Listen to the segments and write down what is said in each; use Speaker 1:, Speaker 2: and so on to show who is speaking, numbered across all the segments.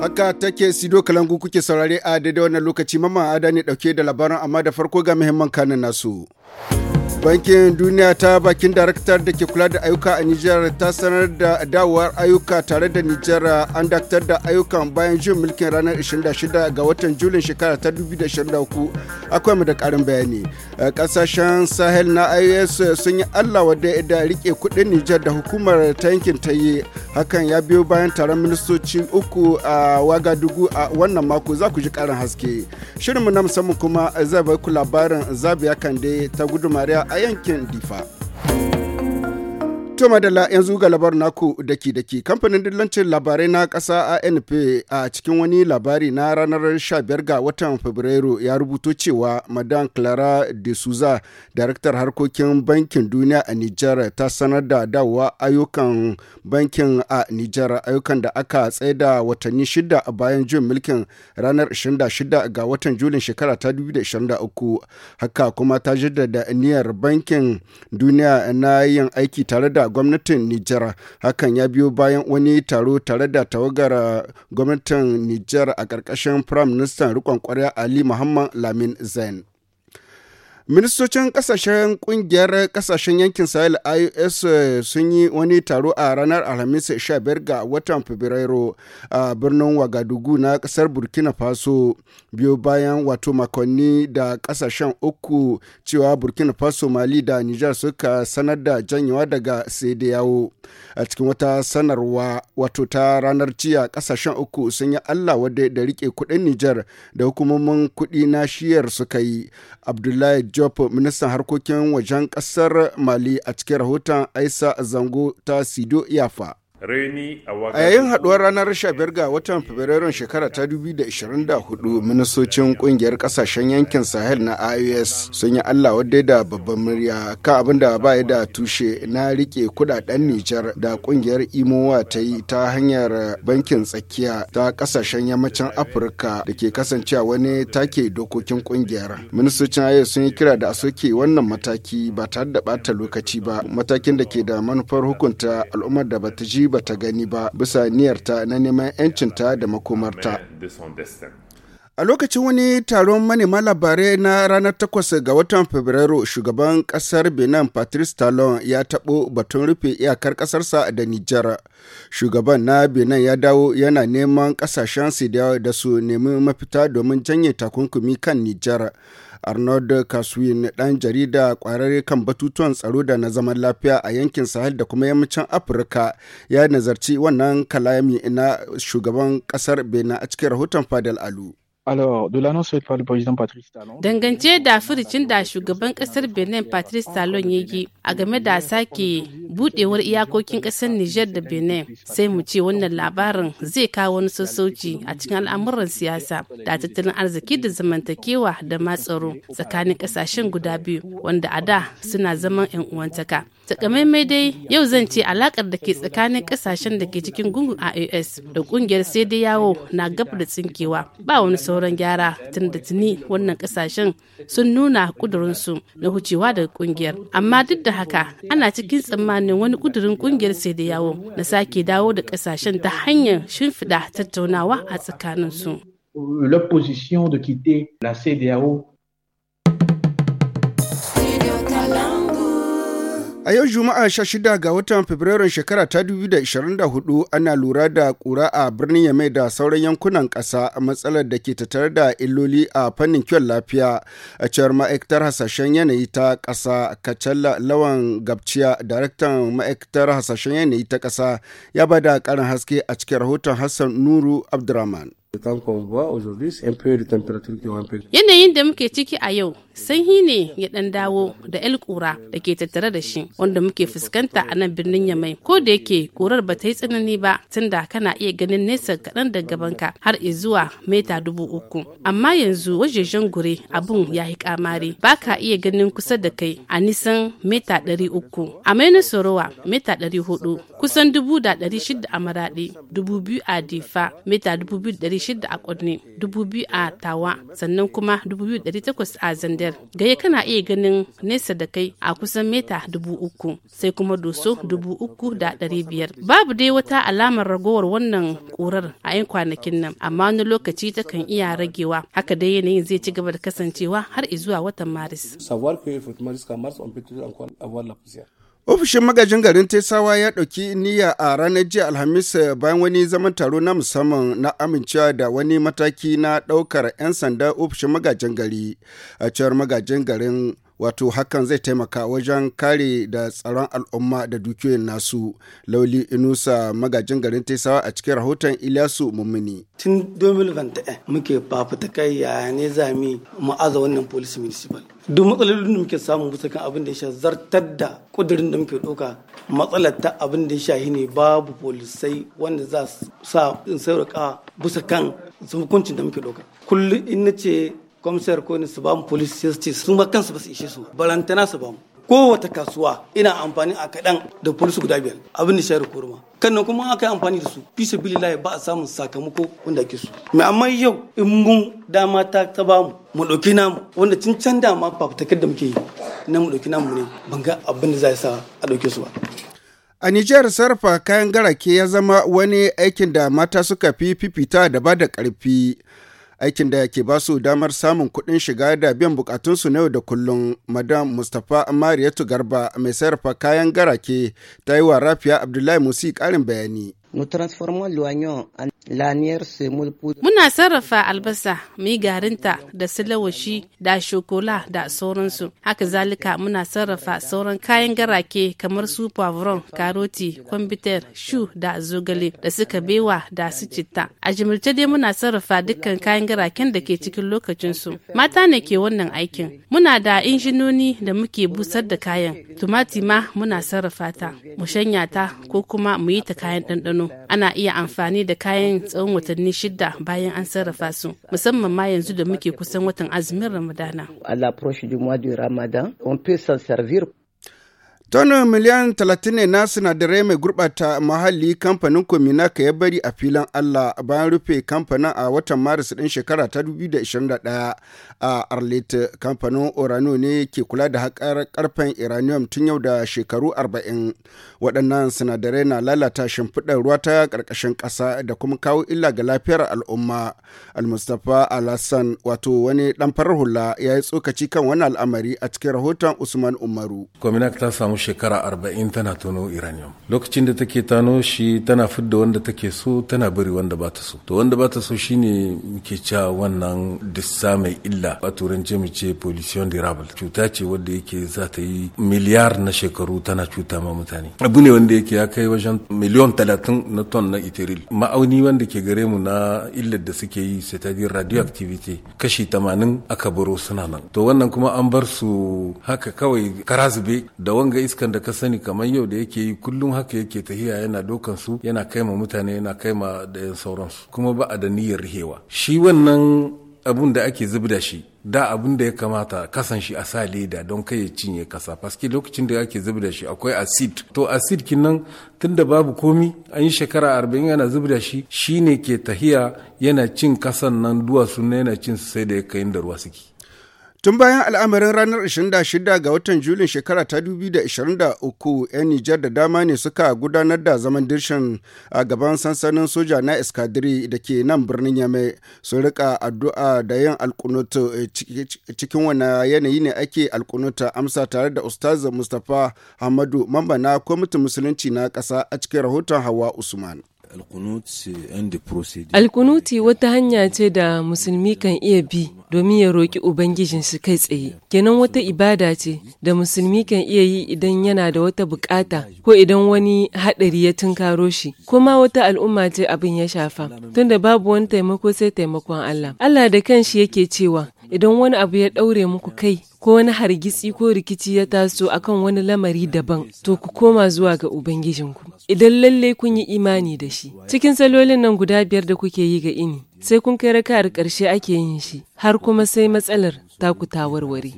Speaker 1: Haka take Sido Kalangu kuke saurare a daidai wannan lokaci mamma ada ne dauke da labaran amma da farko ga muhimman kanin nasu. bankin duniya ta bakin daraktar da ke kula da ayyuka a nijar ta sanar da dawowar ayyuka tare da nijar an dakatar da ayyukan bayan jin mulkin ranar 26 ga watan julin shekara ta 2023 akwai mu da karin bayani kasashen sahel na ios sun yi allah wadda da rike kudin nijar da hukumar ta yankin ta yi hakan ya biyo bayan taron ministoci uku a wagadugu a wannan mako za ku ji karin haske shirinmu na musamman kuma zai bai ku labarin zabiya kande ta gudumariya a yankin difa. To madalla yanzu ga labar naku daki daki kamfanin dillancin labarai na ƙasa ANP a cikin wani labari na ranar 15 ga watan Fabrairu ya rubuto cewa Madam Clara de Souza, daraktar harkokin bankin duniya a Nijar ta sanar da dawowa ayyukan bankin a Nijar ayyukan da aka tsaida watanni shida a bayan jin mulkin ranar 26 ga watan Julin shekara ta 2023 haka kuma ta jaddada niyyar bankin duniya na yin aiki tare da gwamnatin Nijar. Hakan ya biyo bayan wani taro tare da tawagar uh, gwamnatin Nijar a ƙarƙashin Prime Minister riƙon ƙwarya Ali Muhammad Lamin Zain. ministocin kasashen kungiyar kasashen yankin sahel ios sun yi wani taro a ranar alhamis 15 ga watan fabrairu a birnin wagadugu na kasar burkina faso biyo bayan wato makonni da kasashen uku cewa burkina faso mali da nijar suka sanar da janyewa daga yawo a cikin wata sanarwa wato ta ranar jiya kasashen uku sun yi allah wadda da rike kudin nijar da hukumomin kudi na shiyar suka yi abdullahi Diop ministan harkokin wajen ƙasar Mali a cikin rahoton Aisa Zango ta Sido yafa a yayin haduwar ranar 15 ga watan Fabrairun shekara ta 2024 ministocin kungiyar kasashen yankin Sahel na IOS sun yi Allah wadda da babban murya kan abin da ba da tushe na rike kudaden Nijar da kungiyar Imowa ta yi ta hanyar bankin tsakiya ta kasashen yammacin Afirka da ke kasancewa wani take dokokin kungiyar. Ministocin IOS sun yi kira da a soke wannan mataki ba tare da bata lokaci ba matakin da ke da manufar hukunta al'ummar da bata ji bata gani ba bisa niyarta na neman 'yancinta da makomarta. A lokacin wani taron manema labarai na ranar takwas ga watan Fabrairu, shugaban kasar Benin Patrice Talon ya taɓo batun rufe iyakar ƙasarsa da Nijar. Shugaban na Benin ya dawo yana neman ƙasashen su da su nemi mafita domin janye takunkumi kan Nijar. arnold kaswin dan jarida kwararre kan batutuwan tsaro da na zaman lafiya a yankin sahel da kuma yammacin afirka ya nazarci wannan kalami na shugaban kasar benin a cikin rahoton fadal alu
Speaker 2: Dangance da firicin da shugaban kasar Benin Patrice Talon ya yi a game da sake budewar iyakokin ƙasar Nijar da Benin sai mu ce wannan labarin zai kawo wani sassauci a cikin al'amuran siyasa da tattalin arziki da zamantakewa da matsaro tsakanin kasashen guda biyu wanda a da suna zaman 'yan uwantaka. takamaimai dai yau zan ce alakar da ke tsakanin kasashen da ke cikin gungun ios da kungiyar sai dai yawo na gab da tsinkewa ba wani sauran gyara tun da tuni wannan kasashen sun nuna kudurinsu na hucewa daga kungiyar amma duk da haka ana cikin tsammani. tsammanin wani kudurin kungiyar sai da yawo na sake dawo da kasashen ta hanyar shimfiɗa tattaunawa a tsakaninsu.
Speaker 3: L'opposition de quitter la CDAO
Speaker 1: A yau Juma'a 16 ga watan Fabrairun shekara ta 2024 ana lura da kura a birnin Yamai da sauran yankunan ƙasa a matsalar da ke tattare da illoli a fannin kiwon lafiya a cewar ma'aikatar hasashen yanayi ta ƙasa Kacalla Lawan Gabciya daraktan ma'aikatar hasashen yanayi ta ƙasa ya bada ƙarin haske a cikin rahoton Hassan Nuru Abdurrahman.
Speaker 2: Yanayin da muke ciki a yau, sanyi ne ya ɗan dawo da el kura da ke tattare da shi wanda muke fuskanta a nan birnin Yamai. Ko da yake kurar ba ta yi tsanani ba tunda kana iya ganin nesa kaɗan da gabanka har zuwa mita dubu uku. Amma yanzu wajejen gure abun ya yi kamari ba ka iya ganin kusa da kai a nisan mita ɗari uku. A maini sorowa mita ɗari hudu kusan dubu da dari shida a maraɗe dubu biyu a difa mita dubu biyu dari shida a ƙudne dubu biyu a tawa sannan kuma dubu biyu dari takwas a zandar gaya kana iya ganin nesa da kai a kusan mita dubu uku sai kuma doso dubu uku da dari biyar babu dai wata alamar ragowar wannan ƙurar a 'yan kwanakin nan amma wani lokaci takan iya ragewa haka dai yanayin zai ci gaba da kasancewa har izuwa watan maris
Speaker 1: Ofishin magajin garin Tesawa ya ɗauki niyya a ranar jiya Alhamis eh, bayan wani zaman taro na musamman na amincewa da wani mataki na ɗaukar 'yan sanda ofishin magajin gari a cewar magajin garin wato hakan zai taimaka wajen kare da tsaron al'umma da dukiyoyin nasu lauli inusa magajin garin taisawa a cikin rahoton ilyasu mummuni tun 2021 muke kai yaya ne zami mu aza wannan police municipal duk matsalolin da muke samu bisa kan abin da ya sha zartar da kudirin da muke doka matsalar ta abin da ya sha ne babu polisai wanda za su sa in sauraka bisa kan hukuncin da muke doka kullum in na ce kwamisar ko su ba mu police sai su ba kansu ba su ishe su barantana su ba mu kowace kasuwa ina amfani a kaɗan da police guda biyar abin da shayar kan kannan kuma aka yi amfani da su bisa billahi ba a samun sakamako wanda ake so mai amma yau in mun dama ta ta ba mu mu ɗauki namu wanda tun can dama fafutakar da muke yi na mu ɗauki namu ne ban ga abin da za sa a ɗauke su ba A Nijar sarrafa kayan garake ya zama wani aikin da mata suka fi fifita da ba da ƙarfi. aikin da ke ba su damar samun kuɗin shiga da biyan bukatunsu na yau da kullum madam mustapha mariyatu garba mai sarrafa kayan garake ta yi wa rafiya abdullahi musi ƙarin bayani
Speaker 2: Muna sarrafa albasa, mai garinta da silawashi da shokola da sauransu. Haka zalika muna sarrafa sauran kayan garake kamar su pavron, karoti, kwambitar, shu da zogale da suka bewa da su citta. A jimilce dai muna sarrafa dukkan kayan garaken da ke cikin lokacinsu. Mata ne ke wannan aikin. Muna da injinoni da muke busar da kayan. Tumati ma muna sarrafa ta, mu shanya ta ko kuma mu yi ta kayan ɗanɗano. Ana iya amfani da kayan bayan tsawon watanni shida bayan an sarrafa su musamman ma yanzu da muke kusan watan azumin ramadana.
Speaker 1: Tono miliyan talatin ne na sinadarai mai gurɓata muhalli kamfanin Kominaka ya bari a filin Allah bayan rufe kamfanin a watan Maris ɗin shekara ta 2021 a Arlit kamfanin Orano ne ke kula da haƙar ƙarfen iranium tun yau da shekaru 40. Waɗannan sinadarai na lalata shimfiɗar ruwa ta ƙarƙashin ƙasa da kuma kawo illa ga lafiyar al'umma. Al-Mustapha Alassan wato wani ɗan farar hula ya yi tsokaci kan wani al'amari a cikin rahoton Usman Umaru.
Speaker 3: Kominak ta samu shekara arba'in tana tono uranium lokacin da take tano shi tana fidda wanda take so tana bari wanda ba ta so to wanda ba ta so shine muke cewa wannan dissa mai illa a turance mu ce pollution durable cuta ce wanda yake za ta yi miliyar na shekaru tana cuta ma mutane abu ne wanda yake ya kai wajen miliyon talatin na ton na itiril ma'auni wanda ke gare mu na illar da suke yi ta radioactivity kashi tamanin aka baro suna nan to wannan kuma an bar su haka kawai karazube da wanga iskan da ka sani kamar yau da yake yi kullum haka yake tahiya yana dokan su yana kai ma mutane yana kai ma da sauransu kuma ba a da niyyar rihewa shi wannan abun da ake zubda shi da abun da ya kamata kasan shi a sa leda don kai ya cinye kasa paske lokacin da ake zubda shi akwai acid to acid kinan tunda babu komi an yi shekara arba'in yana zubda shi shine ke tahiya yana cin kasan nan duwatsu na yana cin su sai da ya kayin da ruwa suke
Speaker 1: Tun bayan al'amarin ranar 26 ga watan Julin shekara ta 2023, 'yan Nijar da dama ne suka gudanar da zaman dirshin a gaban sansanin soja na iskadiri da ke nan birnin Yame su rika addu'a da yin alkunutu eh, cikin wani yanayi ne ake alkunuta amsa tare da Ustaz Mustapha Hamadu mamba na kwamitin musulunci na ƙasa a cikin rahoton Hawa Usman.
Speaker 3: Alkunuti wata hanya ce da musulmi kan iya bi domin ya roƙi Ubangijinsu kai tsaye. Kenan wata ibada ce da musulmi kan iya yi idan yana da wata bukata ko idan wani haɗari ya tunkaro shi. Kuma wata al'umma ce abin ya shafa, tunda babu wani taimako sai taimakon Allah. Allah da kanshi yake cewa, idan wani abu ya ɗaure muku kai ko wani hargitsi ko rikici ya taso akan wani lamari daban to ku koma zuwa ga ubangijinku idan lalle kun yi imani da shi cikin salolin nan guda biyar da kuke yi ga ini sai kun kai raka'ar ƙarshe ake yin shi har kuma sai matsalar taku ta warware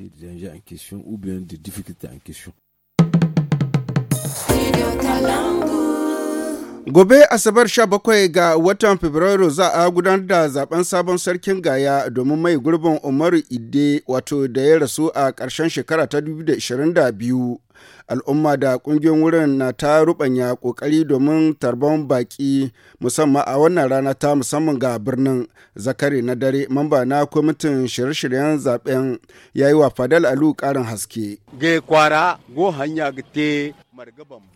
Speaker 3: Gobe Asabar
Speaker 1: 17 ga watan Fabrairu za a gudanar da zaben sabon sarkin gaya domin mai gurbin Umaru Ide wato da ya rasu a ƙarshen shekara ta 2022. Al'umma da ƙungiyar wurin na ta rubanya ƙoƙari domin tarban baƙi musamman a wannan rana ta musamman ga birnin zakari na dare mamba na kwamitin shirye-shiryen zaben yi wa Fadal Alu ƙarin haske.
Speaker 3: Ge kwara go hanya gite.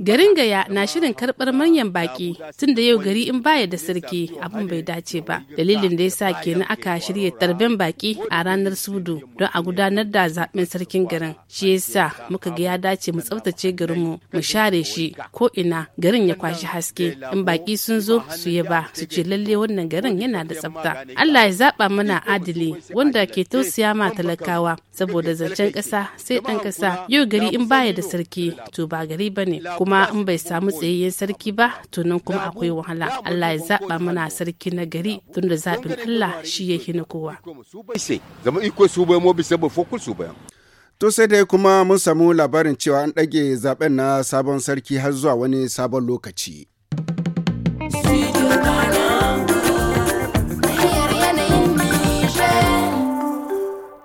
Speaker 2: Garin Gaya na shirin karɓar manyan baki tun da yau gari in baya da sarki abin bai dace ba. Dalilin da ya sa ke kenan aka shirya tarben baki a ranar Sudu don a gudanar da zaben sarkin garin. Shi yasa muka ga ya dace mu tsaftace garinmu mu share shi ko ina garin ya kwashi haske in baki sun zo su ba su ce lalle wannan garin yana da tsabta. Allah ya zaba mana adili wanda ke tausaya ma talakawa saboda zancen ƙasa sai ɗan ƙasa yau gari in baya da sarki to ba gari ba ne kuma in bai samu tsayayyen sarki ba tunan kuma akwai wahala allah ya zaɓa mana sarki na gari tun da zaɓin allah shi ya hina kowa
Speaker 1: To sai dai kuma mun samu labarin cewa an ɗage zaɓen na sabon sarki har zuwa wani sabon lokaci.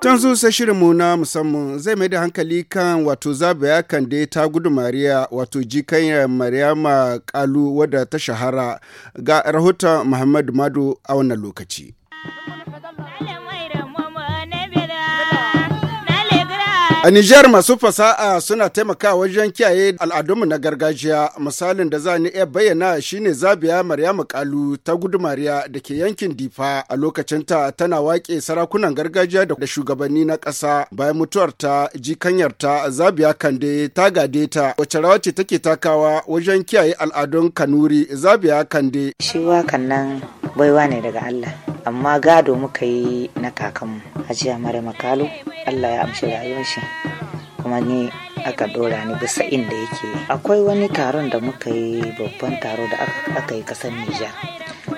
Speaker 1: Tanzu sai shirinmu na musamman zai mai da hankali kan wato zabaya kan da ta gudu Mariya wato jikanyar Maryama Kalu wadda ta shahara ga rahoton Muhammadu madu a wannan lokaci. A Nijar masu fasaha suna taimakawa wajen kiyaye al'adunmu na gargajiya. Misalin da za ni iya bayyana shine Zabiya Maryamu Kalu ta gudumariya da ke yankin Difa a lokacin ta tana wake sarakunan gargajiya da shugabanni na ƙasa. Bayan mutuwar ta kanyar ta Zabiya Kande ta gade ta wacce rawa ce take takawa wajen kiyaye al'adun Kanuri Zabiya Kande.
Speaker 4: Shi wakan nan baiwa ne daga Allah. amma gado muka yi na kakanmu hajiya mara makalu allah ya amshi rayuwar shi kuma ni aka dora ni bisa inda yake akwai wani taron da muka yi babban taro da aka yi kasar nijar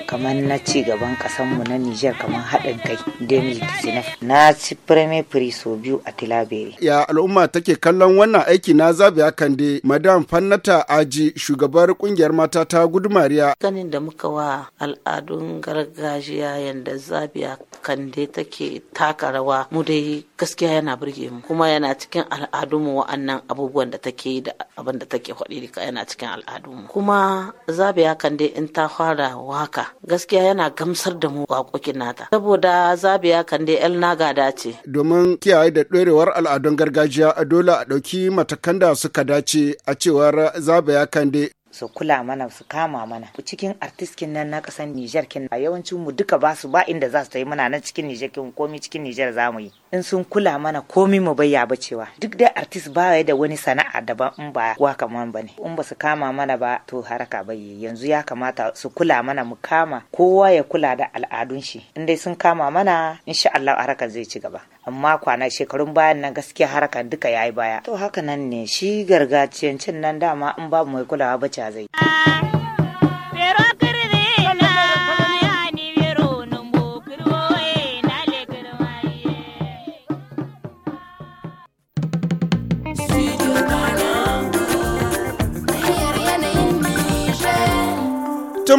Speaker 4: kamar na ci gaban mu na Nijar kamar haɗin kai 2019 na ci Premier Prix sau biyu a Tilaberi.
Speaker 1: Ya al'umma take kallon wannan aiki na zabiya kande Madam Fannata Aji shugabar kungiyar mata ta gudumariya.
Speaker 2: kanin da muka wa al'adun gargajiya yadda zabiya kande take taka rawa mu dai gaskiya yana burge mu kuma yana cikin al'adunmu wa'annan abubuwan da take da abin da take faɗi yana cikin al'adunmu.
Speaker 4: Kuma
Speaker 2: zabiya kande in ta fara waka gaskiya yana gamsar da mu waƙoƙin nata saboda zabiya kan dai el nagada ce
Speaker 1: domin kiyaye da ɗorewar al'adun gargajiya dole a ɗauki matakan da suka dace a cewar zabiya kan dai
Speaker 4: su kula mana su kama mana cikin artiskin nan na kasan Nijar kin yawancin mu duka ba su ba inda za su ta yi mana nan cikin Nijar kin komi cikin Nijar za mu yi in sun kula mana komi mu bayya ba cewa duk dai artist ba ya da wani sana'a daban in ba kaman ba ne. in ba su kama mana ba to haraka bai yanzu ya kamata su kula mana mu kama kowa ya kula da al'adun shi in dai sun kama mana insha Allah harakan zai ci gaba amma kwana shekarun bayan nan gaskiya harakan duka yayi baya to haka nan ne shi gargajiyancin nan dama in babu mai kulawa ba zai.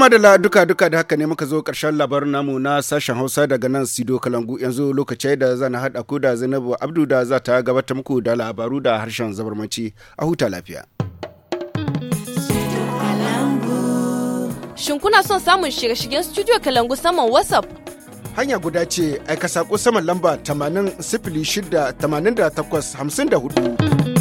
Speaker 1: madala duka duka da haka ne muka zo karshen labarin namu na sashen hausa daga nan sido kalangu yanzu lokaci da zan haɗa ku da zainabu abdu da za ta gabatar muku da labaru da harshen zabarmanci a huta lafiya.
Speaker 2: Shin kuna son samun shirye-shiryen Studio Kalangu saman WhatsApp?
Speaker 1: Hanya guda ce aika sako saman lamba 80 68 54.